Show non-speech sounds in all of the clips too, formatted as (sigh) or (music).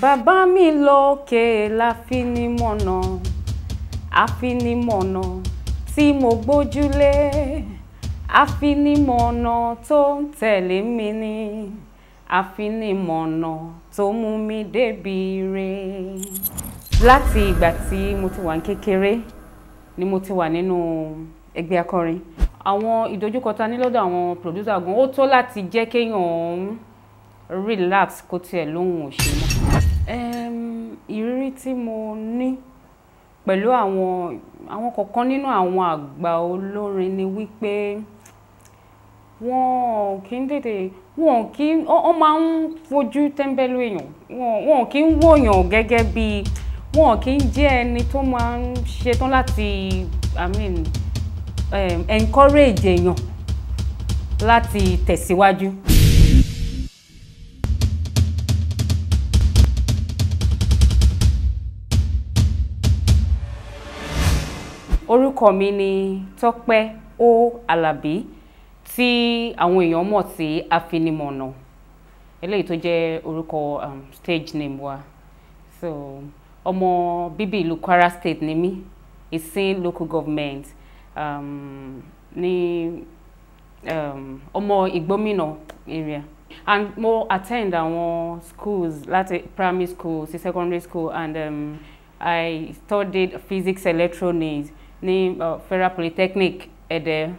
bàbá mi lókè láfinimọ̀nà àfinimọ̀nà tí mo gbójúlé àfinimọ̀nà tó ń tẹ̀lé mi ni àfinimọ̀nà tó mú mi débi ire. láti ìgbà tí mo ti wà ní kékeré ni mo ti wà nínú ẹgbẹ́ akọrin àwọn ìdojúkọ ta ní lọ́dọ̀ àwọn producer gan ó tó láti jẹ́ kéèyàn relax kó tiẹ̀ lóhùn òṣèlú ìrírí tí mo ní pẹ̀lú àwọn àwọn kọ̀ọ̀kan nínú àwọn àgbà olórin ni wípé wọn kì í tètè wọn kì í wọn máa ń fojú tẹ́ńbẹ́lú èèyàn wọn kì í wòyàn gẹ́gẹ́ bí wọn kì í jẹ́ ẹni tó máa ń ṣetán láti i mean um, encourage èèyàn láti tẹ̀síwájú. orúkọ mi ni Tọ́pẹ́ O alabi tí àwọn èèyàn mọ̀ sí afinimọ̀nà eléyìí tó jẹ́ orúkọ um, stage name wa so ọmọ bíbí ìlú Kwara State ni mí Ìsìn local government um, ní um, ọmọ Ìgbómìnà area and mo attend àwọn schools láti primary school sí secondary school and um, I studied physics electronics ní uh, Federal Polytechnic Ẹdẹ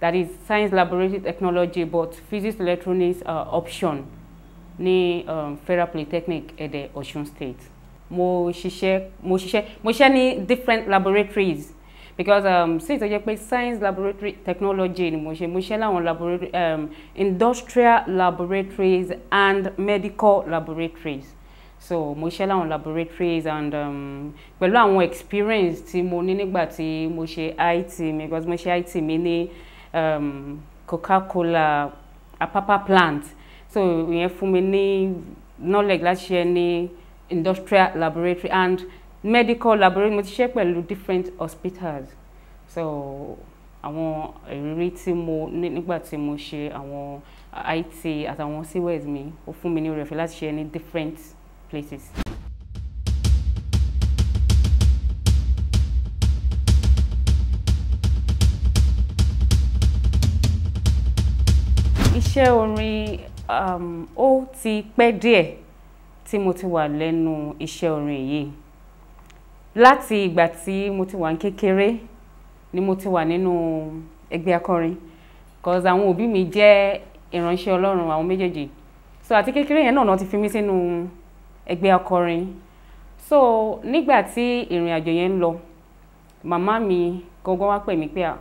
that is Science Laboratory Technology but Physics Electronics uh, option ní um, Federal Polytechnic Ẹdẹ Ọ̀ṣun State mo ṣiṣẹ́ mo ṣiṣẹ́ mo ṣiṣẹ́ ní different laboratories because um, sí ìtọ́jú pé science laboratory technology ni mo ṣe mo ṣe láwọn laboratory um, industrial laboratories and medical laboratories so mo ṣiṣẹ́ láwọn laboratories and um, pẹ̀lú àwọn experience tí mo ní nígbà tí mo ṣe IT mi because mo ṣe IT mi ní um, Coca-Cola Apapa plant so ìyẹn fún mi ní knowledge láti ṣe ní industrial laboratory and medical laboratory mo ti ṣe pẹ̀lú different hospitals so àwọn ìrírí tí mo ní nígbà tí mo ṣe àwọn IT àtàwọn sewers mi ó fún mi ní rẹ̀fẹ̀ láti ṣe ní different places. Iṣẹ́ orin um, ó ti pẹ́ díẹ̀ tí mo ti wà lẹ́nu iṣẹ́ orin yìí. Láti ìgbà tí mo ti wà ní kékeré ni mo ti wà nínú ẹgbẹ́ akọrin because àwọn òbí mi jẹ́ ìránṣẹ́ Ọlọ́run àwọn méjèèjì so àti kékeré yẹn náà no, no, ti fi mí sínú ẹgbẹ́ akọrin so nígbà tí ìrìn àjò yẹn ń lọ màmá mi gangan wá pè mí pé à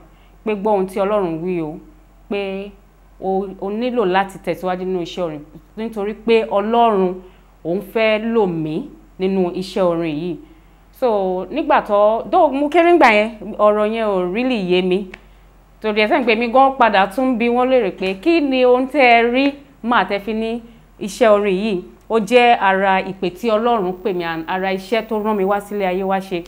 pé gbọ́ ohun tí ọlọ́run wí o pé o nílò láti tẹ̀síwájú nínú iṣẹ́ orin nítorí pé ọlọ́run òun fẹ́ lò mí nínú iṣẹ́ orin yìí so nígbà tó dó mú kéré ńgbà yẹn ọ̀rọ̀ yẹn ò rílì yé mi torí ẹsẹ̀ ń pè mí gan padà tún bí wọ́n lérè pé kí ni ohun tẹ́ ẹ rí máa tẹ́ fi ní iṣẹ́ orin yìí ó jẹ́ ara ìpè tí ọlọ́run pè mí ara iṣẹ́ tó rán mi wá sílé ayé wá ṣe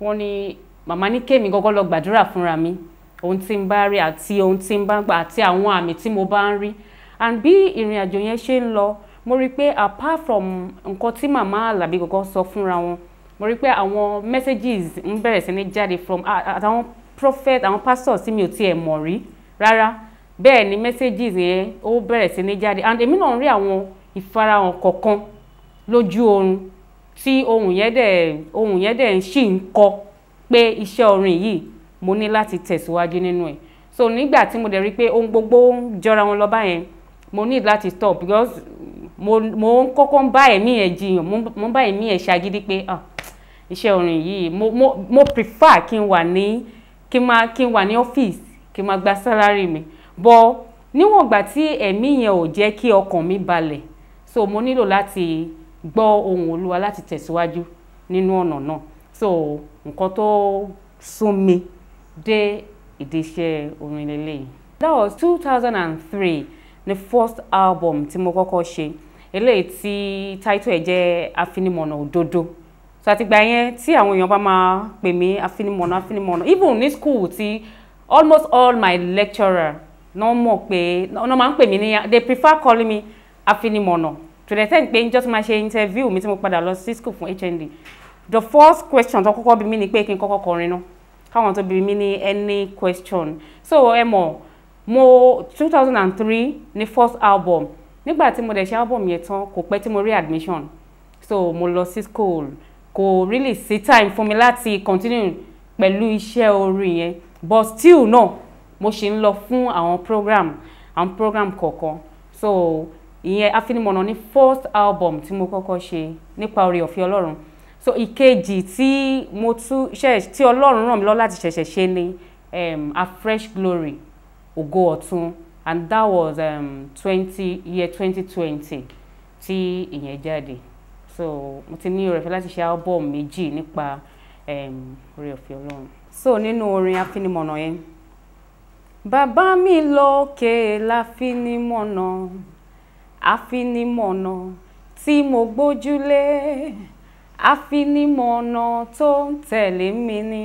wọ́n ní màmá ní kémi gọ́gọ́ lọ gbàdúrà fúnra mi ohun tí n bá rí àti ohun tí n bá gbà àti àwọn àmì tí mo bá ń rí and bí ìrìn àjò yẹn ṣe ń lọ mo rí i pé apart from nǹkan tí màmá Àlàbí gọ́gọ́ sọ fúnra wọn mo rí i pé àwọn messages ń bẹ̀rẹ̀ sí ní jáde from àtàwọn prophet àwọn pastor tí mi ò tiẹ̀ mọ̀ rí rárá bẹ́ẹ̀ ni messages yẹn ó bẹ̀rẹ̀ sí ní jáde and èmi náà ń rí àwọn ìfarahàn kọ̀ọ̀kan lójú oorun tí ohun yẹn dẹ̀ ohun yẹn dẹ̀ ṣì ń kọ pé iṣẹ́ orin yìí mo ní láti tẹ̀síwájú nínú ẹ̀ so nígbà tí mo dẹ̀ rí i pé ohun gbogbo ń jọra wọn lọ báyẹn mo need láti stop because mo mo ń kọ́kọ́ ń bá ẹ̀mí ẹ̀ jiyàn mo ń bá ẹ̀mí ẹ̀ ṣagídí pé ah iṣẹ́ orin yìí mo mo mo prefer kí n wà ní kí n máa kí n wà ní ọ́fíìsì kí n máa gba sálárì mi but níwọ̀n ìgbà tí ẹ̀mí yẹn ò jẹ́ kí ọkàn mi balẹ̀ so mo nílò láti gbọ́ ohùn olúwa láti tẹ̀síwájú nínú ọ̀nà náà so nǹkan tó sún mi dé ìdí iṣẹ́ orin lélẹ́yìí. that was two thousand and three ni first album tí mo kọ́kọ́ ṣe eléyìí tí title ẹ̀ jẹ́ afinimọ̀nà òdodo so àtìgbà yẹn tí àwọn èèyàn bá máa pè mí afinimọ̀nà afinimọ̀nà even ní school tí almost all my lecturer náà mọ̀ pé náà máa ń pè mí níyà they prefer calling me afinimọ̀nà to the extent pé njọ́ tí máa ṣe interview mi tí mo padà lọ sí school fún HND the first question tó kọ́kọ́ bí mi ni pé kí n kọ́kọ́ kọrin náà káwọn tó bí mi ní any question so ẹ mọ̀ mo 2003 ni first album nígbà tí mo dẹ̀ ṣe album yẹn tán kò pẹ́ tí mo rí admission so mo lọ sí school kò really see time fún mi láti continue pẹ̀lú iṣẹ́ orin yẹn but still náà no, mo ṣì ń lọ fún àwọn program àwọn program kọ̀ọ̀kan so ìyẹn afinimọ̀nà ni first album tí mo kọ́kọ́ ṣe nípa oore ọ̀fẹ́ ọlọ́run so ìkejì tí mo tún tí ọlọ́run ràn mí lọ láti ṣẹ̀ṣẹ̀ ṣe ni um, a fresh glory ògo ọ̀tun and that was um, 20 year 2020 tí ìyẹn jáde so mo ti ní oore-ọ̀fẹ́ láti ṣe album méjì nípa um, oore ọ̀fẹ́ ọlọ́run so nínú orin afinimọ̀nà yẹn bàbá mi lókè láfinimọ̀nà afinimọ̀nà tí mo gbójúlé afinimọ̀nà tó ń tẹ̀lé mi ni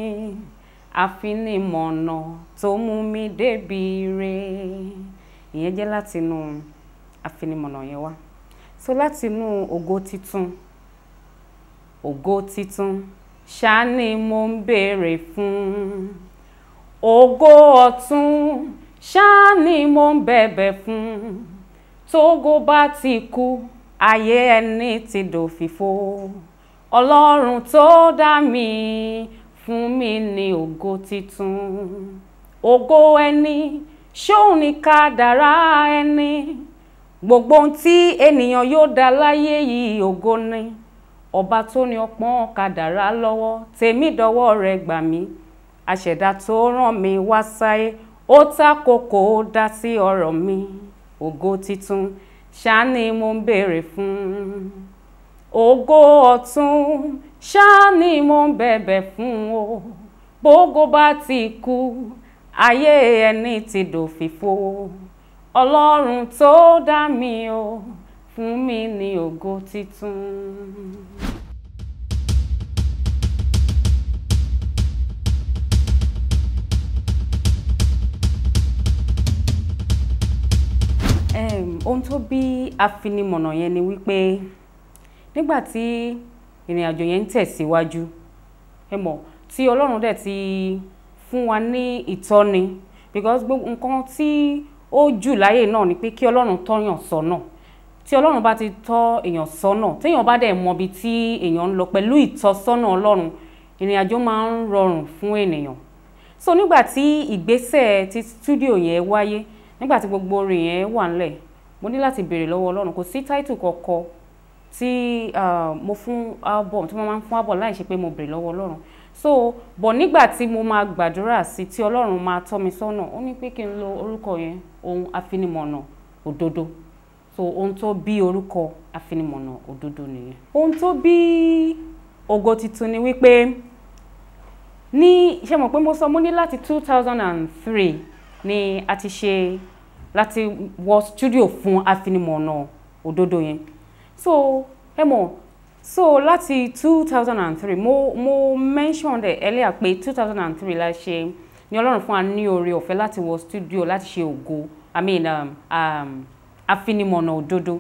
afinimọ̀nà tó mú mi débi ire ìyẹn jẹ́ látinú afinimọ̀nà yẹn wá so látinú ògo titun ògo titun ṣáá ni mo ń béèrè fún ògo ọ̀tun ṣáá mo ń bẹ̀bẹ̀ fún tógo bá ti kú ayé ẹni ti dòfìfo ọlọ́run tó dá mi fún mi ní ògo titun ògo ẹni ṣóun ní kádàrá ẹni gbogbo ohun tí ènìyàn yóò dá láyé yìí ògo ni ọba tó ní ọpọ́n kádàrá lọ́wọ́ tèmi dọ́wọ́ rẹ̀ gbà mí àṣẹ̀dá tó rán mi wá sáyé ó ta kókó dá sí ọ̀rọ̀ mi ògo titun ṣáá ni mo ń béèrè fún ògo ọ̀tun ṣáá ni mo ń bẹ̀bẹ̀ fún o bógo bá ti kú ayé ẹni ti dòfìfo ọlọ́run tó dá mi o fún mi ní ògo titun. ohun tó bí afinimọ̀nà yẹn ni wípé nígbà tí ìrìn àjò yẹn ń tẹ̀síwájú ẹ mọ̀ tí ọlọ́run dẹ̀ ti fún wa ní ìtọ́ni because gbogbo nǹkan tí ó jù láyè náà ni pé kí ọlọ́run tọ́yàn sọ́nà tí ọlọ́run bá ti tọ́ èèyàn sọ́nà téèyàn bá dẹ̀ mọbi tí èèyàn ń lọ pẹ̀lú ìtọ́sọ́nà ọlọ́run ìrìn àjò máa ń rọrùn fún ènìyàn so nígbà tí ìgbésẹ̀ ti studio yẹn wáyé nígbà tí gbogbo orin yẹn wà ńlẹ̀ mo ní láti béèrè lọ́wọ́ ọlọ́run kò sí táìtù kọ̀ọ̀kan tí mo fún album tí mo máa ń fún album láì ṣe pé mo béèrè lọ́wọ́ ọlọ́run so bọ̀ nígbà tí mo máa gbàdúrà sí tí ọlọ́run máa tọ́ mi sọ́nà ó ní pé kí n lo orúkọ yẹn ohun afinimọ̀nà òdodo so ohun tó bí orúkọ afinimọ̀nà òdodo nìyẹn ohun tó bí ògo titun ni wípé ní ṣe mọ̀ pé mo sọ mo ní láti two thousand and three ni a ti ṣe láti wọ studio fún afinimọ̀nà òdodo yẹn so ẹ mọ̀ so láti two thousand and three mo mo mention ẹ earlier pé two thousand and three la ṣe ni ọlọ́run fún wa ní oore ọ̀fẹ́ láti wọ studio láti ṣe ògo i mean um, um, afinimọ̀nà òdodo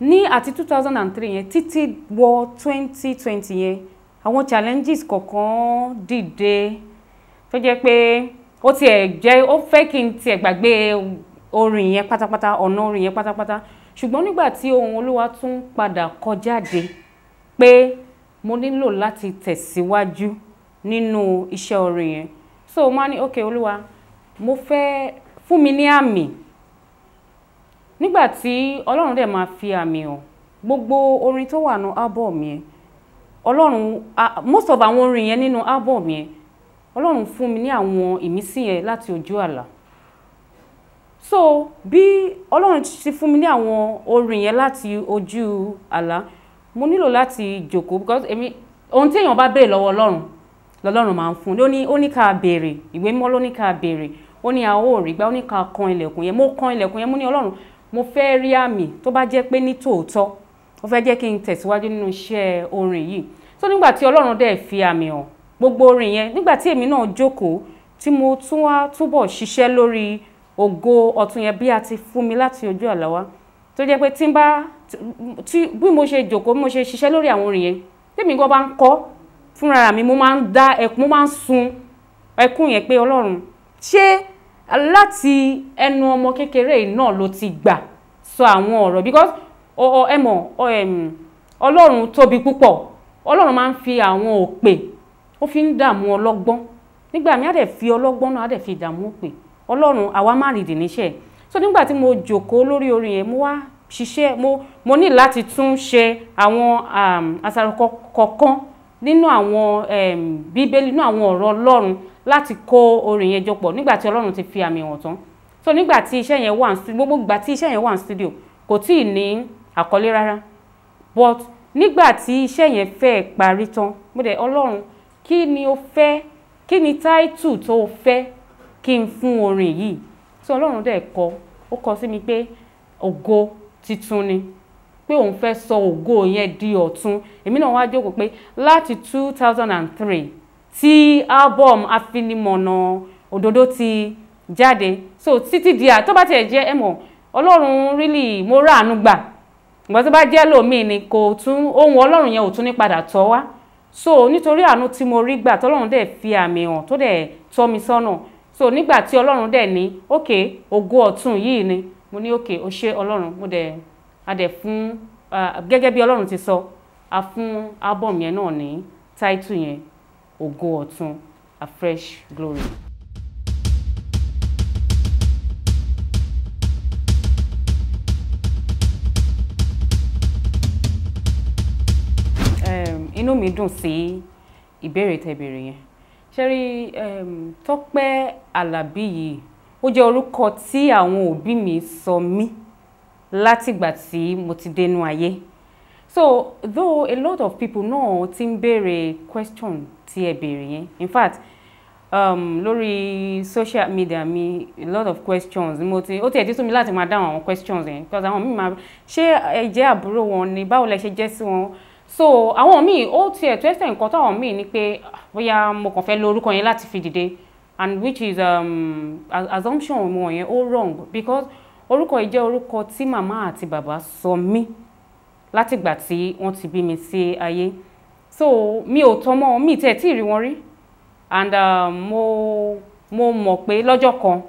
ní àti two thousand and three yẹn títí wọ twenty twenty yẹn àwọn challenges kọ̀ọ̀kan dìde tó jẹ́ pé ó tiẹ̀ jẹ́ ó fẹ́ kí n tiẹ̀ gbàgbé orin yẹn pátápátá ọ̀nà orin yẹn pátápátá ṣùgbọ́n nígbà tí ohun olúwa tún padà kọ jáde pé mo nílò láti tẹ̀síwájú nínú iṣẹ́ orin yẹn so mo máa ní ok olúwa mo fẹ́ fún mi ní àmì nígbà tí ọlọ́run dẹ̀ máa fi àmì hàn gbogbo orin tó wà nínú album yẹn ọlọ́run most of àwọn orin yẹn nínú album yẹn ọlọ́run fún mi ní àwọn ìmísí yẹn láti ojú àlá so bí ọlọ́run ti fún mi ní àwọn orin yẹn láti ojú àlá mo nílò láti jókòó because èmi ohun tí èèyàn bá béèrè lọ́wọ́ ọlọ́run lọ́lọ́run máa ń fún un ó ní ká béèrè ìwé mímọ́ ló ní ká béèrè ó ní àwọn ò rí gbà ó ní ká kan ilẹ̀kùn yẹn mo kan ilẹ̀kùn yẹn mo ní ọlọ́run mo fẹ́ rí àmì tó bá jẹ́ pé ní tòótọ́ ó fẹ́ jẹ́ kí n tẹ̀síwájú nínú iṣẹ́ orin yìí so nígbà tí ọlọ́run dẹ̀ fi àmì hàn gbogbo orin yẹn nígbà tí èmi náà jókòó tí mo tún wá túbọ̀ ṣiṣẹ́ lórí ògo ọ̀tún yẹn bí a ti fún mi láti ojú àlá wá tó jẹ́ pé tí n bá tí bí mo ṣe jókòó bí mo ṣe ṣiṣẹ́ lórí àwọn orin yẹn tèmi gan bá ń kọ fúnra mi mo máa ń dá ẹkún mo máa ń sun ẹkún yẹn pé ọlọ́run ṣé láti ẹnu ọmọ kékeré yìí náà ló ti gbà sọ àwọn ọ̀rọ̀ because ẹ mọ̀ ọlọ́run tóbi púpọ̀ ọlọ́run máa ń fi àwọn òpè ó fi ń dààmú ọlọ́gbọ́n nígbà mi á dẹ̀ fi ọlọ́gbọ́n náà á dẹ̀ fi dààmú òpè ọlọ́run àwa má rìndì níṣẹ́ so nígbà tí mo jòkó lórí orin yẹn mo wá ṣiṣẹ́ mo mo ní láti tún ṣe àwọn um, àṣàrò kọ̀ọ̀kan nínú àwọn um, bíbélì nínú àwọn ọ̀rọ̀ ọlọ́run láti kó orin yẹn jọpọ̀ nígbà tí ọlọ́run ti fi àmì hàn tán so nígbà tí iṣẹ́ yẹn wà gbogbo ìgbà tí iṣẹ́ yẹn wà studio kò tí ì ní àkọlé rárá but nígbà tí iṣẹ́ yẹn fẹ́ parí tán mo dẹ̀ ọlọ́run kí ni o fẹ́ kí ni táìtù tó o fẹ́ kí n fún orin yìí tí ọlọ́run dẹ̀ kọ ó kọ sí mi pé ògo titun ni pé òun fẹ́ sọ ògo yẹn di ọ̀tun èmi náà wá jókòó pé láti two thousand and three tí album afinimọ̀nà òdodo ti jáde so títí di à tó bá tiẹ̀ jẹ́ ẹ mọ̀ ọlọ́run really mo ráàánú gbà ìgbà tó bá jẹ́ lòmíì ni kò tún ohun ọlọ́run yẹn ò tún ní padà tọ́ wá so nítorí àánú tí mo rí gbà tọ́lọ́run dẹ̀ fi àmì hàn tó dẹ̀ tọ́ mi sọ́nà so nígbà tí ọlọ́run dẹ̀ ní òkè ògo ọ̀tun yìí ni mo ní òkè ó ṣe ọlọ́run mo dẹ̀ a dẹ̀ fún gẹ́gẹ́ bí ọlọ́run ti sọ a fún album yẹn náà ní táìtù yẹn ògo ọ̀tun a fresh glory. inú mi dùn sí ìbéèrè tẹ̀bèrè yẹn ṣẹ́rí ehm, Tọ́pẹ́ Àlàbí yìí ó jẹ́ orúkọ tí àwọn òbí mi sọ mí látìgbà tí mo ti dénú ayé so though a lot of people náà ti ń béèrè question tí ẹ béèrè yẹn in fact um, lórí social media mi a lot of questions mo ti ó tiẹ̀ ti sún mi láti máa dáhùn àwọn questions yẹn because àwọn míì máa ṣé ẹ jẹ́ àbúrò wọn ni báwo lẹ ṣe jẹ́ sí wọn so àwọn míì ó tiẹ̀ tó ẹsẹ̀ nǹkan táwọn míì ni pé bóyá mo kàn fẹ́ lo orúkọ yẹn láti fi dìde and which is um, assumption wọn yẹn ó wrong because orúkọ yìí jẹ́ orúkọ tí màmá àti bàbá sọ mí látìgbà tí wọ́n ti bí mi sí ayé so mi ò tọmọ mi tiẹ̀ tí ì rí wọn rí and um, mo mo mọ̀ pé lọ́jọ́ kan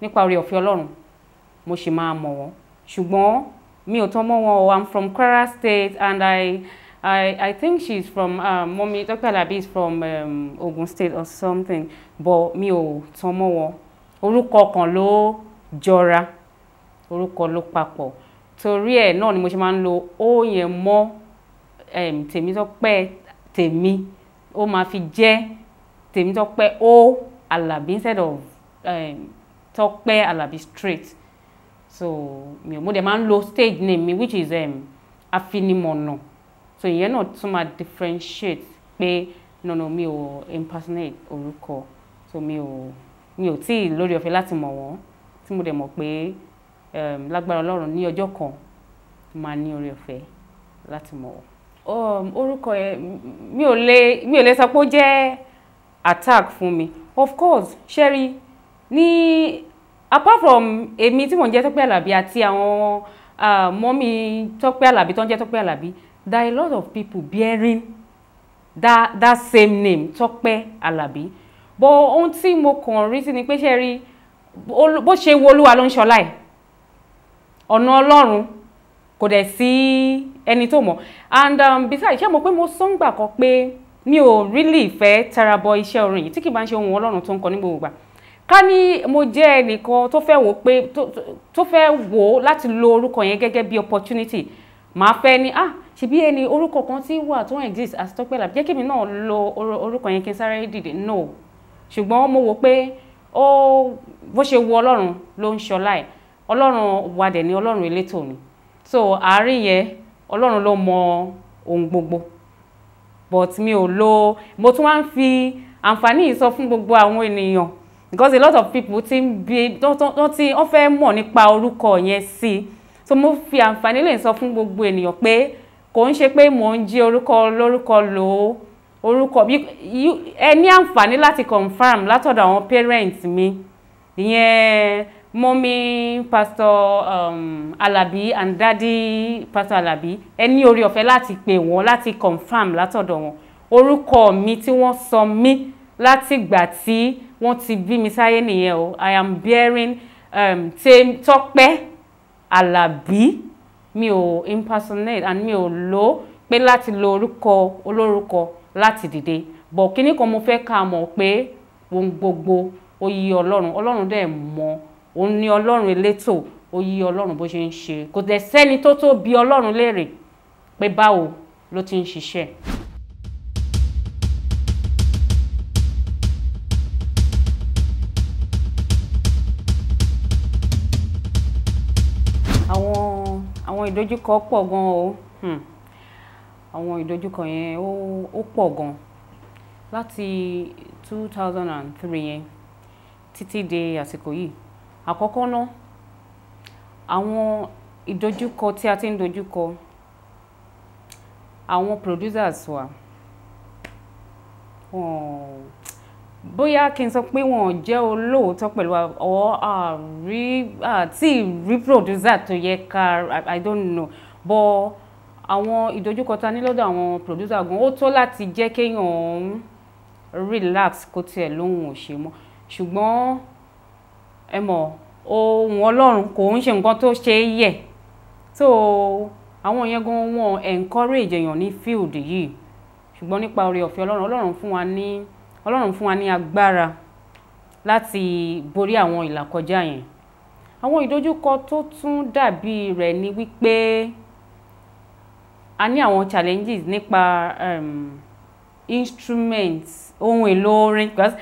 nípa oore ọ̀fẹ́ Ọlọ́run mo sì máa mọ̀ wọ́n ṣùgbọ́n mi ò tọmọ wọn o I'm from Kwara State and I. I, I think she's from, um, mommy, Dr. Labi is from um, Ogun State or something, but mi ò tán mọ́ wọn. Orúkọ kan ló jọra, orúkọ ló papọ̀. Torí ẹ̀ náà ni mo ṣe máa lo ó yẹn temi um, temi o ma máa fi jẹ́ Tèmítọ́pẹ́ ó Alabi instead of um, Tọ́pẹ́ Alabi straight. So mi ò mo dẹ̀ máa lo stage name me which is um, Afinimọ̀nà. No so ìyẹn náà tún máa differentiate pé nọ̀nà mi ò impersonate orúkọ so mi ò mi ò tíì lórí ọ̀fẹ́ láti mọ̀ wọ́n tí mo dẹ̀ mọ̀ pé ehm, lágbára ọlọ́run ní ọjọ́ kan máa ní orí ọ̀fẹ́ láti mọ̀ wọ́n. Um, orúkọ yẹn mi ò lè mi ò lè sọ pé ó jẹ́ attack fún mi of course Sherry. ní apart from èmi tí mò ń jẹ́ Tọ́pẹ́ Àlàbí àti àwọn ah, mọ́mí Tọ́pẹ́ Àlàbí tó ń jẹ́ Tọ́pẹ́ Àlàbí there are a lot of people bearing that that same name Tọ́pẹ́ Alabi, but ohun tí mo kàn rí sí ni pé ṣe rí bó ṣe wo olúwa ló ń ṣọlá ẹ̀ ọ̀nà ọlọ́run kò dẹ̀ sí ẹni tó mọ̀ and um, besides ṣé mo pé mo sọ́ngbà kan pé mi ò really fẹ́ tara bọ iṣẹ́ orin yìí tí kì bá ń ṣe ohun ọlọ́run tó ń kọ ní gbogbo gbà ká ní mo jẹ́ ẹnìkan tó fẹ́ wò pé tó fẹ́ wò láti lo orúkọ yẹn gẹ́gẹ́ bí opportunity màá fẹ́ ni ah ṣebí ẹni orúkọ kan tí wà tó ń exist as Tọ́pẹ́ Àlàbí jẹ́ kí èmi náà lo orúkọ yẹn kí n sáré dìde no ṣùgbọ́n mo wò pé ó bó ṣe wu ọlọ́run ló ń ṣọlá ẹ̀ ọlọ́run wa dẹ̀ ni ọlọ́run elétò ni so àárín yẹn ọlọ́run ló mọ ohun gbogbo but mi ò lo mo tún wá ń fi àǹfààní yìí sọ fún gbogbo àwọn ènìyàn because a lot of people ti ń bi wọ́n ti wọ́n fẹ́ mọ̀ nípa orúkọ yẹn sí so mo fi àǹfààní lè sọ fún gbogbo ènìyàn pé kò ń ṣe pé mò ń jí orúkọ lórúkọ lò ó orúkọ bí ẹ ní àǹfààní láti confirm látọ̀dọ̀ àwọn parents mi ìyẹn mọ́mí pastor um, Alabi and daddy pastor Alabi ẹ ní orí ọ̀fẹ́ láti pè wọ́n láti confirm látọ̀dọ̀ wọn orúkọ mi tí wọ́n sọ mí látìgbà tí wọ́n ti bí mi sáyé nìyẹn o I am bearing um, Tọ́pẹ́ Alabi mi ò impersonate and mi ò lo ó pé láti lo orúkọ olórúkọ láti dìde bọ̀ kíní kan mo fẹ́ ká mọ̀ pé ohun gbogbo oyè ọlọ́run ọlọ́run dẹ̀ mọ̀ òun ni ọlọ́run elétò oyè ọlọ́run bó ṣe ń ṣe kò dẹ̀ sẹ́ni tó tó bi ọlọ́run léèrè pé báwo ló ti ń ṣiṣẹ́. àwọn ìdojúkọ pọ̀ gan o hmm. àwọn ìdojúkọ yẹn ó pọ̀ gan láti two thousand and three yẹn títí de àsìkò yìí àkọ́kọ́ ná àwọn ìdojúkọ tí a ti ń dojúkọ àwọn producers wa Oh bóyá kí n sọ pé wọn jẹ́ olóòótọ́ pẹ̀lú ọ àrí àti producer tó yẹ ká i don't know but àwọn ìdojúkọ ta ní lọ́dọ̀ àwọn producer gan ó tó láti jẹ́ kéèyàn relax kó tiẹ̀ lóhùn ò ṣe mọ́ ṣùgbọ́n ẹ mọ̀ ohun ọlọ́run kò ń ṣe nǹkan tó ṣe é yẹ̀ so àwọn yẹn gan wọn encourage èèyàn ní field yìí ṣùgbọ́n nípa oore ọ̀fẹ́ ọlọ́run ọlọ́run fún wa ní. Ni ọlọ́run fún wa ní agbára láti borí àwọn ìlàkọjá yẹn àwọn ìdojúkọ tó tún dàbí rẹ̀ ni wípé a ní àwọn challenges nípa um, instruments ohun èlò orin because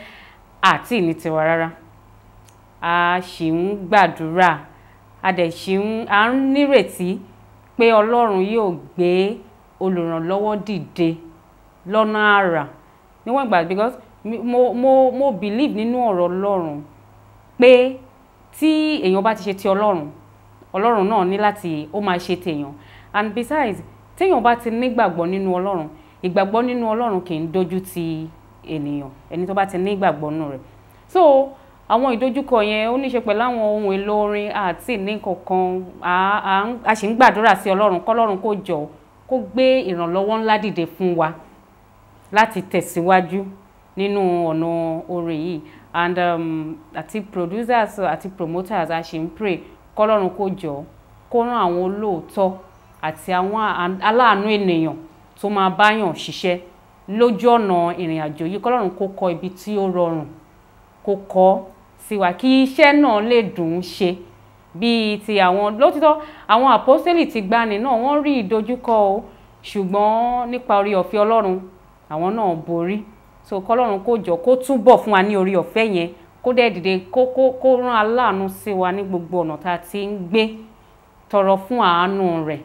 àti ní tiwa rárá a ṣì ń gbàdúrà a dẹ̀ ṣì ń à ń nírètí pé ọlọ́run yóò gbé olùrànlọ́wọ́ dìde lọ́nà àrà níwọ̀n ìgbà because mo mo mo believe nínú ọ̀rọ̀ ọlọ́run pé tí èèyàn bá ti ṣe ti ọlọ́run ọlọ́run náà ní láti ó máa ṣe tèèyàn and besides téèyàn bá ti nígbàgbọ́ nínú ọlọ́run ìgbàgbọ́ nínú ọlọ́run kì í dojú ti ènìyàn ẹni tó bá ti nígbàgbọ́ nínú rẹ̀ so àwọn ìdojúkọ yẹn ó ní í ṣe pẹ̀lú àwọn ohun èlò orin àti nǹkankan a sì ń gbàdúrà sí ọlọ́run kọ́lọ́run kó jọ kó gbé ìrànlọ́wọ́ ńlá dìde fún wa láti tẹ̀síwájú nínú ọ̀nà orin yìí and um, àti producers àti promoters a ṣì ń pray kọ́lọ́run kó jọ kó rán àwọn olóòótọ́ àti àwọn aláàánú ènìyàn tó máa báyàn ṣiṣẹ́ lójú ọ̀nà ìrìn àjò yìí kọ́lọ́run kó kọ ibi tí ó rọrùn kó kọ́ sí wa kí iṣẹ́ náà lè dùn ún ṣe bíi ti àwọn lótìtọ́ àwọn àpọ́sẹ́lì ti gbani náà wọ́n rí ìdojúkọ o ṣùgbọ́n nípa orí ọ̀fẹ́ Ọlọ́run àwọn náà borí so kọlọ́run kó jọ kó túbọ̀ fún wa ní orí ọ̀fẹ́ yẹn kó dẹ́ dìde kó kó kó rán aláàánú sí wa ní gbogbo ọ̀nà tá a ti ń gbé tọrọ fún àánú rẹ̀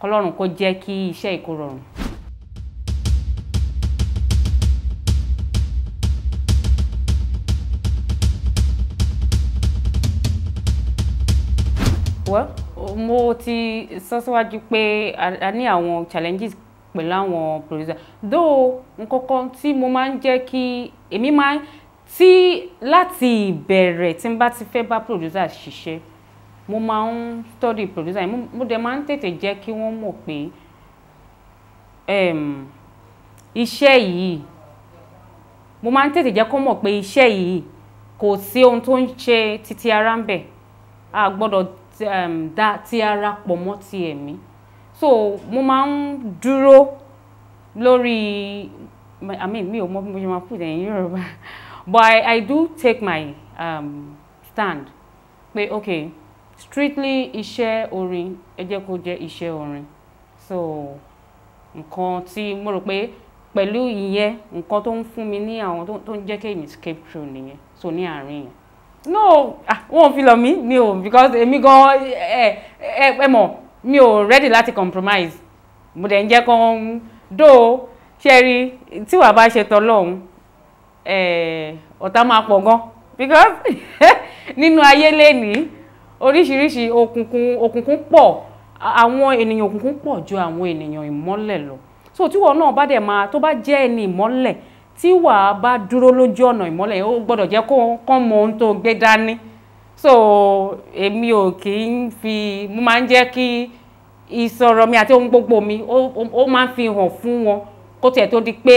kọlọ́run kó jẹ́ kí iṣẹ́ ìkó rọrùn. wọ́n mo ti sọ síwájú pé a ní àwọn challenges pẹ̀lú àwọn producer though nǹkankan tí mo máa ń jẹ́ kí èmi máa tí láti ìbẹ̀rẹ̀ tí n bá ti fẹ́ bá producer ṣiṣẹ́ mo máa ń study producer yìí mo dẹ̀ máa ń tètè jẹ́ kí wọ́n mọ̀ pé ehm, iṣẹ́ yìí mo máa ń tètè jẹ́ kó mọ̀ pé iṣẹ́ yìí kò sí ohun tó ń ṣe títí ara ń bẹ̀ a gbọ́dọ̀ ehm, da ti ara pọ̀ mọ́ ti ẹ̀mí. E so mo máa ń dúró lórí i mean mi ò mọ bí mo ṣe máa put in Yorùbá but I, I do take my um, stand pé okay strictly iṣẹ́ orin ẹ jẹ́ kó jẹ́ iṣẹ́ orin so nǹkan tí mo rò pé pẹ̀lú ìyẹn nǹkan tó ń fún mi ní àwọn tó ń jẹ́ kí èmi escape through nìyẹn so ní àárín yẹn no ah wọn ò fi lọ mí mi ò because èmi gan ẹ ẹ ẹ mọ̀ mi ò ready láti compromise mo dẹ̀ ń jẹ́ kó ń dó ṣẹ́rí tí wàá bá ṣe tọ́lọ́hún eh, ọ̀tá máa pọ̀ gan because (laughs) nínú ayé lẹ́nìí oríṣiríṣi òkùnkùn òkùnkùn pọ̀ àwọn ènìyàn òkùnkùn pọ̀ ju àwọn ènìyàn ìmọ́lẹ̀ lọ so tíwọ náà bá dẹ̀ máa tó bá jẹ́ ẹni ìmọ́lẹ̀ tí wàá bá dúró lójú ọ̀nà ìmọ́lẹ̀ ó gbọ́dọ̀ jẹ́ kó kán mọ ohun tó gbé dání so èmi ò kì í fi mo máa ń jẹ́ kí ìsọ̀rọ̀ mi àti ohun gbogbo mi ó máa ń fi hàn fún wọn kó tiẹ̀ tó di pé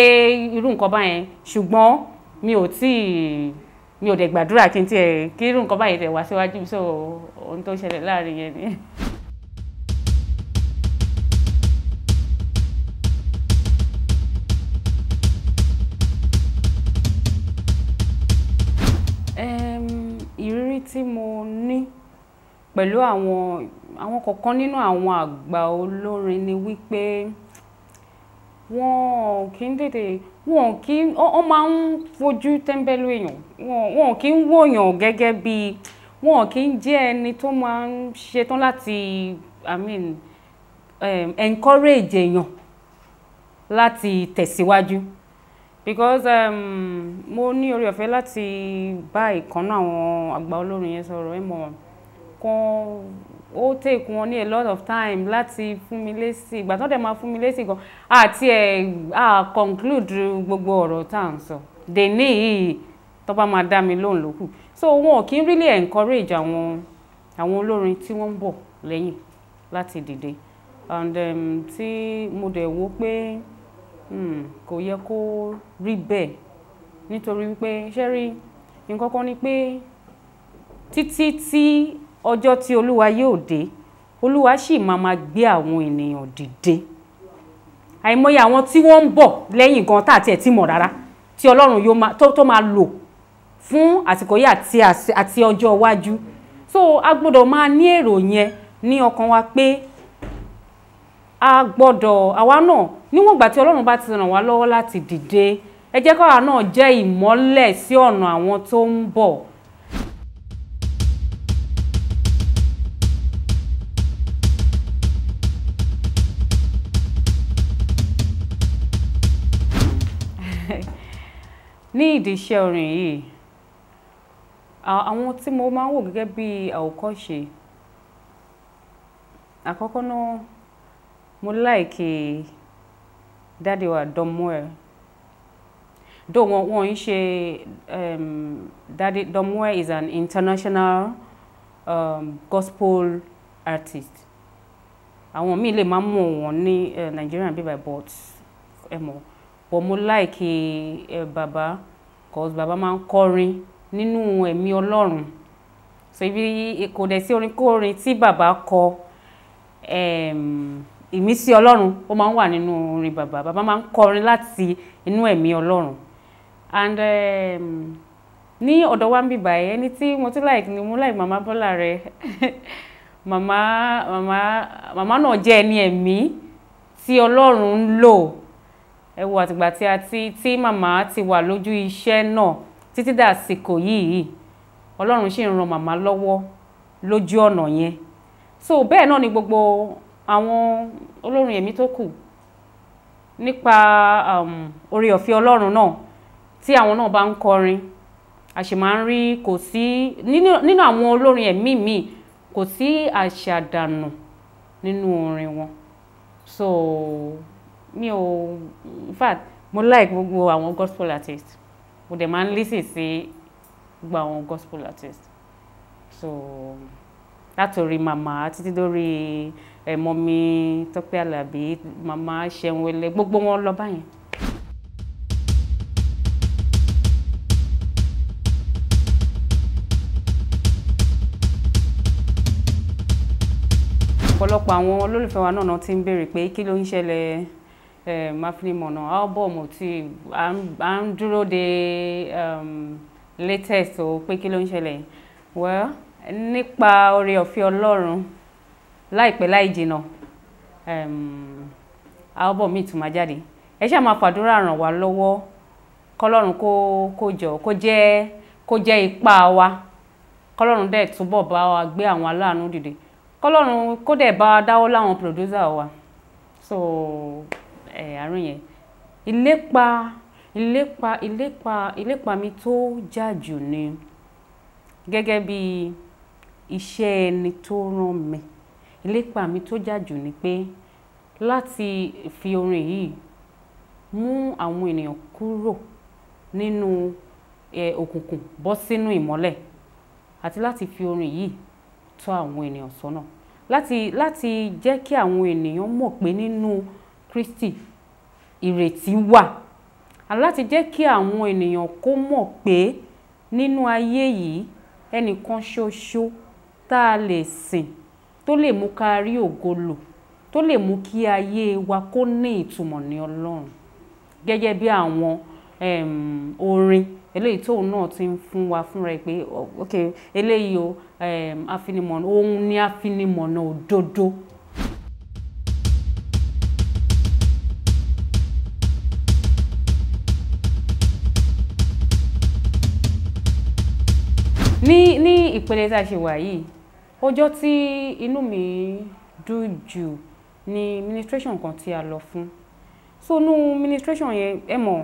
irú nǹkan báyẹn ṣùgbọ́n mi ò tí ì mi ò dẹ̀ gbàdúrà kí n tiẹ̀ kí irú nǹkan báyẹn tẹ̀ wá síwájú mi ohun tó ṣẹlẹ̀ láàrin yẹn ni. ìrírí tí mo ní pẹ̀lú àwọn àwọn kọ̀ọ̀kan nínú àwọn àgbà olórin ni wípé wọn kì í dèdè wọn kì í wọn máa ń fojú tẹ́ńbẹ́lú èèyàn wọn kì í wòyàn gẹ́gẹ́ bí wọn kì í jẹ́ ẹni tó máa ń ṣetán láti i mean um, encourage èèyàn láti tẹ̀síwájú because um, mo ní orí ọ̀fẹ́ láti bá ìkànnà àwọn àgbà olórin yẹn sọ̀rọ̀ ẹ̀ mọ̀ kán ó take wọn ní a lot of time láti fún mi lésì ìgbà tó dẹ̀ máa fún mi lésì gan àti ẹ̀ à conclude gbogbo ọ̀rọ̀ tá à ń sọ dèní yìí tó bá máa dá mi lóhùn lókù so wọn kì í really encourage àwọn àwọn olórin tí wọ́n ń bọ̀ lẹ́yìn láti dìde and um, tí mo dẹ̀ wo pé um, kò yẹ kó rí bẹ́ẹ̀ nítorí wípé ṣé rí nǹkan kan ni pé títí tí ọjọ́ tí olúwa yóò dé olúwa sì máa ma gbé àwọn ènìyàn dìde àìmọye àwọn tí wọ́n ń bọ̀ lẹ́yìn gan tá àti ẹ̀ tí mọ̀ rárá tí ọlọ́run yóò máa tó máa lò fún àsìkò yìí àti àti ọjọ́ iwájú so a gbọ́dọ̀ máa ní èrò yẹn ní ọkàn wa pé a gbọ́dọ̀ àwa náà níwọ̀n ìgbà tí ọlọ́run bá ti ràn wá lọ́wọ́ láti dìde ẹ jẹ́ káwa náà jẹ́ ìmọ́lẹ̀ sí ọ̀nà àwọn tó ń bọ̀ ní ìdí iṣẹ́ orin yìí àwọn tí mo máa ń wò gẹ́gẹ́ bí àwòkọ́ṣe àkọ́kọ́ náà mo láìkè Daddy wa Dommuel though wọn wọn ń ṣe um, Daddy Dommuel is an international um, gospel artist àwọn míì lè máa mọ̀ wọ́n ní eh, Nigerian bíbá but ẹ mọ̀ but mo like ẹ eh, bàbá cause bàbá máa ń kọrin nínú ẹ̀mí ọlọ́run so ibi kò dẹ̀ sí orin kórin tí bàbá kọ ehm, ìmísí ọlọ́run ó máa ń wà nínú orin bàbá bàbá máa ń kọrin láti inú ẹ̀mí ọlọ́run and ehm, ní ọ̀dọ̀ wa ń bì báyìí ẹni tí mo tún like ni mo like màmá bọ́lá rẹ màmá màmá màmá náà jẹ́ ẹni ẹ̀mí tí ọlọ́run ń lò ẹ wo àtìgbà tí a ti tí màmá ti wà lójú iṣẹ́ náà títí dàsìkò yìí ọlọ́run sì ń ran màmá lọ́wọ́ lójú ọ̀nà yẹn so bẹ́ẹ̀ náà ni gbogbo àwọn olórin ẹ̀mí tó kù nípa um, oore ọ̀fẹ́ ọlọ́run náà tí àwọn náà bá ń kọrin àṣemáńrí kò sí nínú àwọn olórin ẹ̀mí mi kò sí àṣàdànù nínú orin wọn so mi ò in fact mo like gbogbo àwọn gospel artist mo dẹ̀ máa ń listen sí gbogbo àwọn gospel artist so látòrí màmá títí dórí ẹ̀mọ́ eh, mi Tọ́pẹ́ Àlàbí màmá Ṣeun Wẹlẹ gbogbo wọn lọ báyẹn. ọ̀pọ̀lọpọ̀ àwọn olólùfẹ́ wa náà ti ń béèrè pé kí ló ń ṣẹlẹ̀ Eh, mafinimọ̀nà album ti à ń duro de um, latest o pé kí ló ń ṣẹlẹ̀ well nípa oore ọ̀fẹ́ ọlọ́run láìpẹ́ láì jìnà um, album mi tún máa jáde ẹ ṣáà máa fàdúrà ràn wá lọ́wọ́ kọlọ́run kó kó jọ kó jẹ́ kó jẹ́ ipá wa kọlọ́run dẹ̀ túbọ̀ bá wa gbé àwọn aláàánú dìde kọlọ́run kó dẹ̀ bá wa dáwọ́ láwọn producer wa so àárín yẹn ìlépa ìlépa ìlépa ìlépa mi tó jà jù ni gẹ́gẹ́ bí iṣẹ́ ẹni tó rán mi ìlépa mi tó jà jù ni pé láti fi orin yìí mú àwọn ènìyàn kúrò nínú òkùnkùn bọ́ sínú ìmọ́lẹ̀ àti láti fi orin yìí tọ́ àwọn ènìyàn sọ́nà láti láti jẹ́ kí àwọn ènìyàn mọ̀ pé nínú Kristi ìrètí wà aláti jẹ́ kí àwọn ènìyàn kó mọ̀ pé nínú ayé yìí ẹnìkan ṣoṣo tá a lè sìn tó lè mú ká rí ògo lò tó lè mú kí ayé wa kó ní ìtumọ̀ ní Ọlọ́run gẹ́gẹ́ bí àwọn um, orin eléyìí tóun náà ti ń fún wa fúnra ẹ pé ok eléyìí o um, afinimọ̀nà òun ni afinimọ̀nà òdodo ní ní ìpele tá a ṣe wà yìí ọjọ́ tí inú mi dùn jù ni ministration kan tí a lọ fún so nú ministration yẹn ẹ mọ̀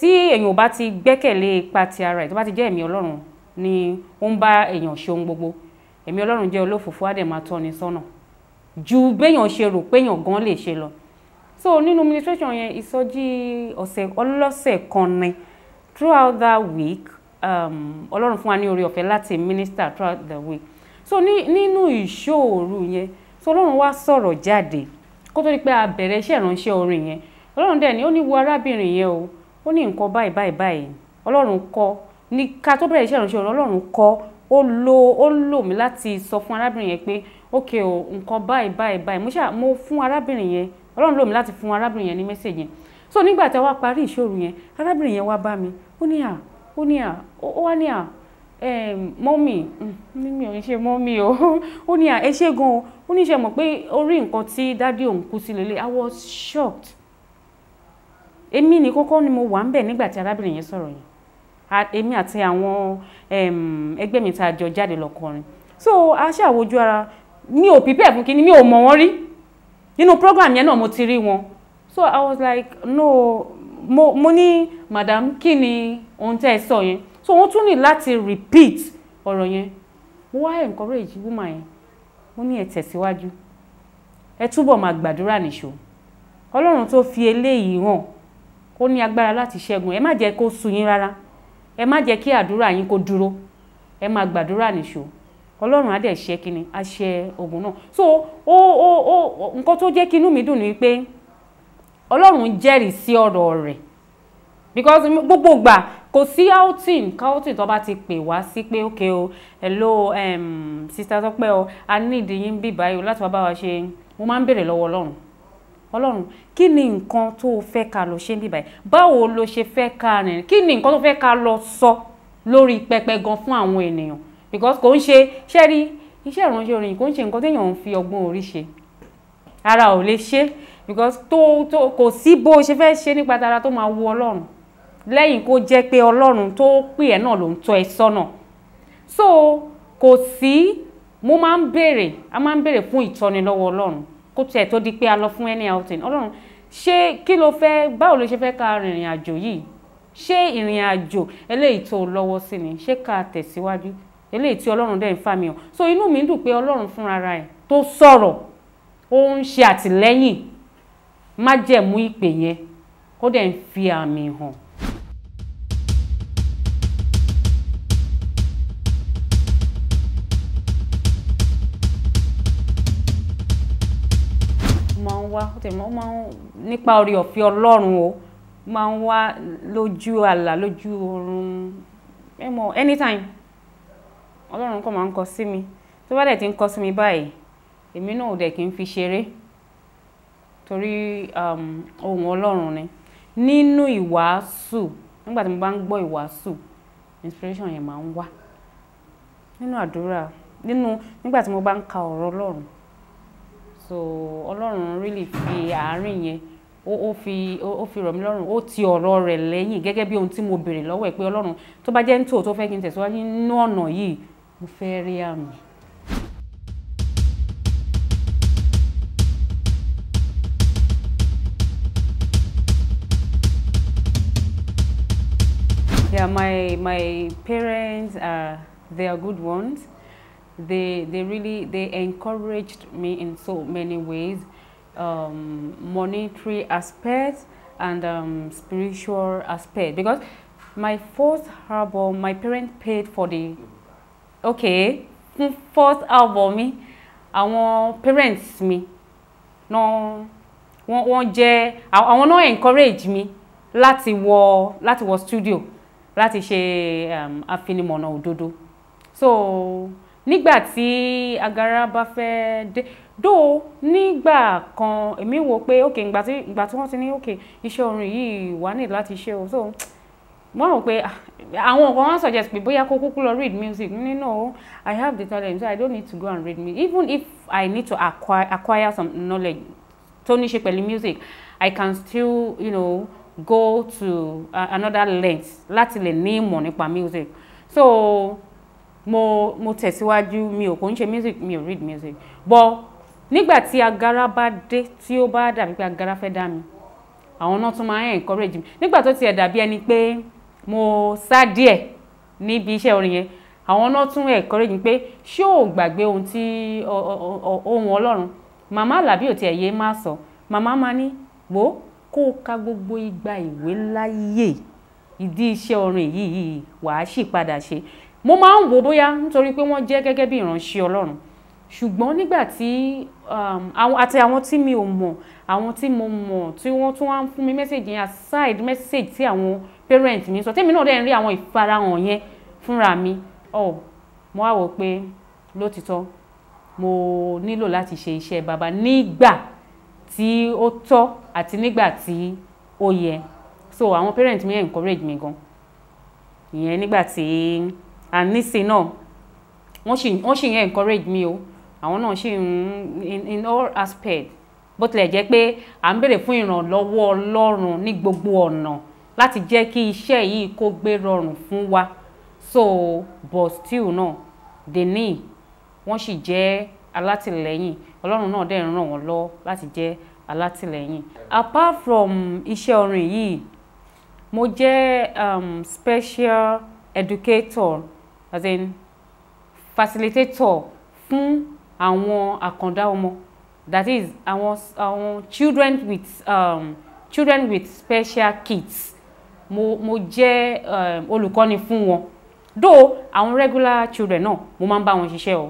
tí èèyàn bá ti gbẹ́kẹ̀lé ipa ti ara ẹ̀ tó bá ti jẹ́ ẹ̀mí ọlọ́run ni ó ń bá èèyàn ṣe ohun gbogbo ẹ̀mí ọlọ́run jẹ́ olófòfó á dẹ̀ tọ́ni sọ́nà ju béèyàn ṣe rò péèyàn gan lè ṣe lọ so nínú ministration yẹn ìsọjí ọ̀sẹ̀ ọlọ́sẹ̀ kan ni throughout that week Um, ọlọ́run fún wa ní orí ọ̀fẹ́ láti minister throughout the week so nínú ìṣòro yẹn so ọlọ́run wá sọ̀rọ̀ jáde kó tó di pé a bẹ̀rẹ̀ iṣẹ́ ìránṣẹ́ orin yẹn ọlọ́run dẹ̀ ni ó ní wo arábìnrin yẹn o ó ní nǹkan báyìí báyìí báyìí ọlọ́run kọ́ ní ká tó bẹ̀rẹ̀ iṣẹ́ ìránṣẹ́ orin ọlọ́run kọ́ ó lò ó lò mí láti sọ fún arábìnrin yẹn pé ok o nǹkan báyìí báyìí báyìí mo ṣáà mo fún arábìnrin yẹn ọlọ́run lò mí láti fún arábìnrin yẹn ní mẹ́sẹ̀gì yẹn so nígbà tí a wá parí ìṣòro yẹn arábìnrin yẹn wá bá mi ó ní à ó ní à ó wá ní à mọ́mì mm, mi ò ń ṣe mọ́mì o (laughs) ó ní à ẹ ṣe gan o ó ní ṣe mọ̀ pé orí nǹkan tí dádì òun kú sí lélẹ̀ I was shocked èmi ní kókó ni mo wà ń bẹ̀ nígbà tí arábìnrin yẹn sọ̀rọ̀ yẹn èmi àti àwọn ẹgbẹ́ mi tá a jọ jáde lọ so a ṣàwòjú ara mi ò pípẹ́ fún kínní mi ò mọ̀ wọ́n rí nínú program yẹn náà mo ti rí wọn so I was like no mo, mo ní madam kí ni ohun tẹ́ ẹ sọ yẹn so wọ́n tún ní láti repeat ọ̀rọ̀ yẹn mo wá encourage woman yẹn mo ní ẹ tẹ̀síwájú ẹ túbọ̀ máa gbàdúrà nìṣó ọlọ́run tó fi eléyìí hàn kó ní agbára láti ṣẹ́gun ẹ má jẹ́ kó sú yín rárá ẹ má jẹ́ kí àdúrà yín kó dúró ẹ máa gbàdúrà nìṣó ọlọ́run á dẹ̀ ṣe kínní á ṣe ogun náà so ó ó ó nǹkan tó jẹ́ kí inú mi dùn ni pé ọlọ́run jẹ́rìí sí ọ̀rọ̀ rẹ̀ because gbogbo gbà kò sí outing outing tó bá ti pè wá sí pé Okay, o hello um, sister Tọ́pẹ́ o a ní ìdíyín bí báyìí o láti wá bá wa ṣe mo máa ń béèrè lọ́wọ́ Ọlọ́run Ọlọ́run kí ni nǹkan tó o fẹ́ ká lọ ṣe ń bí báyìí báwo lo ṣe fẹ́ ká rìn kí ni nǹkan tó fẹ́ ká lọ sọ lórí pẹpẹ gan fún àwọn ènìyàn because kò ń ṣe ṣẹ́rí iṣẹ́ ìránṣẹ́ orin kò ń ṣe nǹkan téèyàn ń fi ọgbọ́n orí ṣe ara ò lè ṣe because tó tó kò sí bó o ṣe fẹ́ ṣe nípa tara tó máa wu Ọlọ́run lẹ́yìn kó jẹ́ pé ọlọ́run tó pè ẹ́ náà ló ń tọ́ ẹ sọ́nà so kò sí mo máa ń béèrè a máa ń béèrè fún ìtọ́ni lọ́wọ́ ọlọ́run kó tiẹ̀ tó di pé a lọ fún any outing ọlọ́run ṣé kí ló fẹ́ báwo ló ṣe fẹ́ ká rìnrìn àjò yìí ṣé ìrìn àjò eléyìí tó lọ́wọ́ sí ni ṣé ká tẹ̀síwájú eléyìí tí ọlọ́run dẹ̀ ń fà mí hàn so inú mi dùn pé ọlọ́run fúnra ẹ̀ tó sọ̀rọ̀ ó ń ṣe àtìlẹ́yìn májẹ̀mú ìpè yẹn ó dẹ̀ ń fi àmì hàn wá tèmọ́ máa ń nípa orí ọ̀fẹ́ ọlọ́run o máa ń wá lójú àlà lójú oorun ẹ mọ anytime ọlọ́run kọ́ máa ń kọ sí mi tó bá dẹ̀ ti ń kọ sí mi báyìí èmi náà ò dẹ̀ kí n fi ṣeré torí um, ohun ọlọ́run ni nínú ìwàásù nígbà tí mo bá ń gbọ́ ìwàásù inspiration yẹn máa ń wá nínú àdúrà nínú nígbà tí mo bá ń ka ọ̀rọ̀ ọlọ́run so ọlọ́run really fi àárín yẹn ó fi ó fi rọ̀ mí lọ́rùn ó ti ọ̀rọ̀ rẹ̀ lẹ́yìn gẹ́gẹ́ bí ohun tí mo béèrè lọ́wọ́ ẹ̀ pé ọlọ́run tó bá jẹ́ ń tò tó fẹ́ kí n tẹ̀síwájú nínú ọ̀nà yìí mo fẹ́ rí àmì. Yeah, my my parents are they are good ones. they they really they encouraged me in so many ways um, monetary aspects and um, spiritual aspect because my first album my parents paid for the okay first album I want parents mi náà wọ́n wọ́n jẹ́ want to encourage me. láti wọ láti wọ studio láti ṣe um, àfinimọ̀nà òdodo so. nígbà tí agara bá fẹ́ dé dó nígbà kan èmi wò pé ok ìgbà tí ìgbà tí wọ́n ti ní ok iṣẹ́ orin yìí wà ní láti ṣe o so wọ́n rò pé ah, àwọn kan wọ́n suggest pé bóyá kó kúkú lọ read music ní no I have the talent so I don't need to go and read music even if I need to acquire, acquire some knowledge tó ní ṣe pẹ̀lú music I can still you know, go to uh, another length láti lè ní ìmọ̀ nípa music so mo mo tẹ̀síwájú mi ò kò ń ṣe music mi ò read music but nígbà tí agara bá dé tí ó bá dàbí pé agara fẹ́ dá mi àwọn náà tún máa ń encourage mi nígbà tó tiẹ̀ dàbí ẹni pé mo sá díẹ̀ níbi iṣẹ́ orin yẹn àwọn náà tún encourage mi pé ṣé ò gbàgbé ohun tí ohun ọlọ́run màmá àlàbí ò tiẹ̀ yé má sọ màmá máa ní wò ó kó o ka gbogbo igba ìwé láyè ìdí iṣẹ́ orin yìí wàá sì padà ṣe mo máa ń wò bóyá nítorí pé wọ́n jẹ́ gẹ́gẹ́ bí ìránṣẹ́ Ọlọ́run ṣùgbọ́n nígbà tí um, àti àwọn tí mi ò mọ̀ àwọn tí mo mọ̀ tí wọ́n tún wá ń fún mi mẹ́sẹ̀gì yẹn aside mẹ́sẹ̀gì tí àwọn parent mi sọ tèmi náà dẹ̀ ń rí àwọn ìfarahàn yẹn fúnra mi ọ̀ mo wá wò pé lótìtọ́ mo nílò láti ṣe iṣẹ́ bàbá nígbà tí ó tọ́ àti nígbà tí ó yẹ so àwọn parent mi encourage mi gan ìyẹn nígbà tí and nísìn náà wọ́n sì wọ́n sì ń encourage me, o àwọn náà sì ń in all aspect bó tilẹ̀ jẹ́ pé à ń béèrè fún ìrànlọ́wọ́ ọlọ́run ní gbogbo ọ̀nà láti jẹ́ kí iṣẹ́ yìí kó gbé rọrùn fún wa so but still náà they need wọ́n sì jẹ́ alátìlẹ́yìn ọlọ́run náà dẹ̀ ń ràn wọ́n lọ́wọ́ láti jẹ́ alátìlẹ́yìn. apart from iṣẹ́ orin yìí mo jẹ́ um, special educator as in facilitator fún àwọn àkàndá ọmọ that is àwọn àwọn children with um, children with special kids mo mo jẹ́ um, olùkọ́ni fún wọn though àwọn regular children náà mo máa ń bá wọn ṣiṣẹ́ o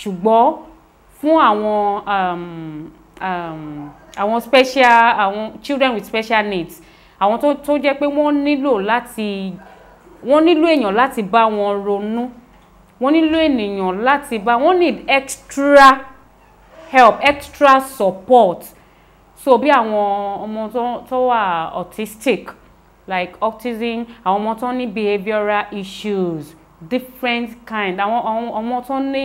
ṣùgbọ́n fún àwọn um, um, àwọn special àwọn children with special needs àwọn tó tó jẹ́ pé wọ́n nílò láti wọ́n nílò èèyàn láti bá wọn ronú wọ́n nílò ènìyàn láti bá wọ́n need extra help extra support so bí àwọn ọmọ tó wà autistic like autism àwọn ọmọ tó ní behavioral issues different kind àwọn ọmọ tó ní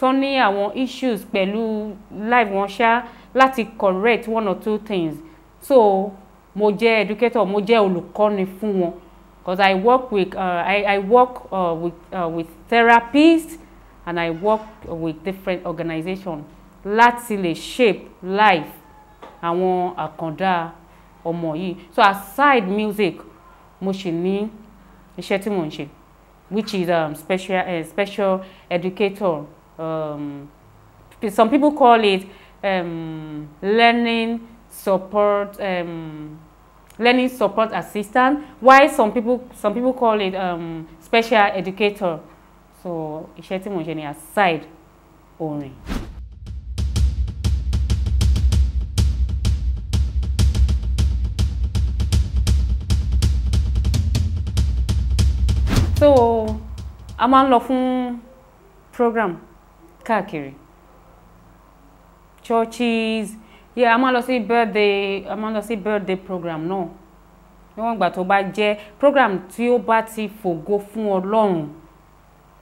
tó ní àwọn issues pẹ̀lú life wọn ṣá láti correct one or two things so mo jẹ́ educator mo jẹ́ olùkọ́ni fún wọn because I work with uh, I, I work uh, with uh, with therapists and I work with different organizations láti lè shape life àwọn àkàndá ọmọ yìí so aside music mo ṣì ní iṣẹ́ tí mò ń ṣe which is um, special uh, special educator um, some people call it um, learning support um, learning support assistant why some people some people call it um, special educator so iṣẹ́ tí mo ṣe ni aside orin. so a máa ń lọ fún program káàkiri churches yeah a máa lọ sí birthday a máa lọ sí birthday program náà níwọ̀n ìgbà tó bá jẹ́ program tí ó bá ti fògo fún ọlọ́run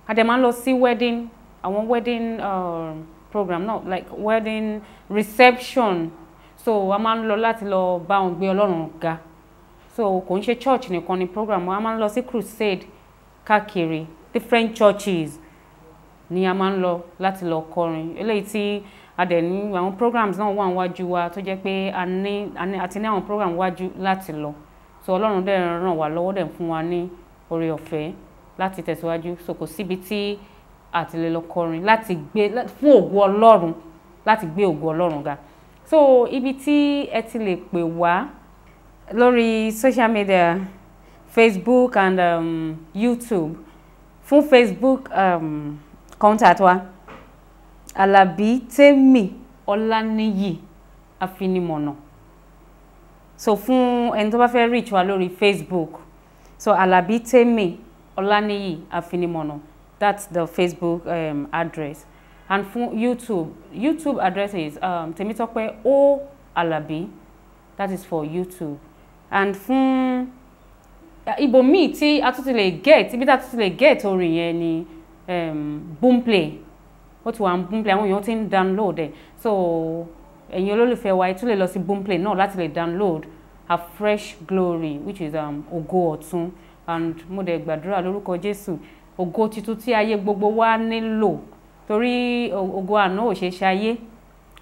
a dẹ̀ máa ń lọ sí wedding àwọn wedding uh, program náà like wedding reception so a máa ń lọ láti lọ bá wọn gbé ọlọ́run ga so kò ń ṣe church nìkan ni program a máa ń lọ sí crusade káàkiri different churches ni a máa ń lọ láti lọ kọrin eléyìí tí adẹ̀ní àwọn programs náà wà níwájú wa tó jẹ́ pé a ti ní àwọn programs wájú láti lọ so ọlọ́run dẹ̀ ràn wá lọ́wọ́ dẹ̀ fún wa ní oore ọ̀fẹ́ láti tẹ̀síwájú so kò síbi tí àtìlélọ kọrin láti gbé fún ògo ọlọ́run láti gbé ògo ọlọ́run ga so ibi tí ẹ ti lè pè wá lórí social media Facebook and um, YouTube fún Facebook um, contact wa alábí tèmi ọláníyì afinimọ̀nà so fún ẹni tó bá fẹ́ reach wa lórí facebook so alábí tèmi ọláníyì afinimọ̀nà that's the facebook um, address and fún youtube youtube address is um, tèmítọ́pẹ́ o alabi. that is for youtube and fún ibòmíì tí a tún ti lè get ibi tí a tún ti lè get orin yẹn ni um, boomplay ó ti wà ní boomplay àwọn èèyàn ti ń download ẹ̀ so ẹ̀yin olólùfẹ́ wa ẹ tún lè lọ sí boomplay náà láti lè download a fresh glory which is um, ògo and mo dẹ̀ gbàdúrà lórúkọ Jésù ògo tuntun tí ayé gbogbo wa nílò torí ògo àná ò ṣeé ṣayé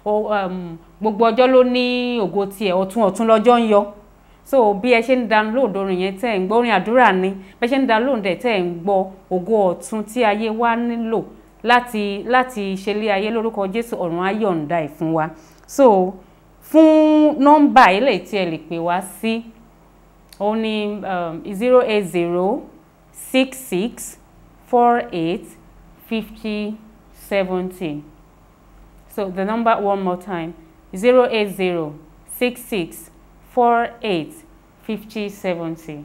um, gbogbo ọjọ́ ló ní ògo tiẹ̀ ọ̀tun ọ̀tun lọ́jọ́ ń yọ so bí ẹ ṣe ń download orin yẹn tẹ́ ẹ̀ ń gbọ́ orin àdúrà ni bẹ́ẹ̀ ṣe ń download ẹ̀ tẹ́ ẹ̀ ń gbọ́ ògo ọ̀tun tí ayé wa nílò láti láti ṣẹlẹ̀ ayé lórúkọ Jésù ọ̀run á yọ̀ǹda ẹ̀ wa so fún nọ́mbà eléyìí tí ẹ lè pè wá sí ó ní um, zero eight zero six six four eight fifty seventeen. so the number one more time zero eight zero six six four eight fifty seventeen.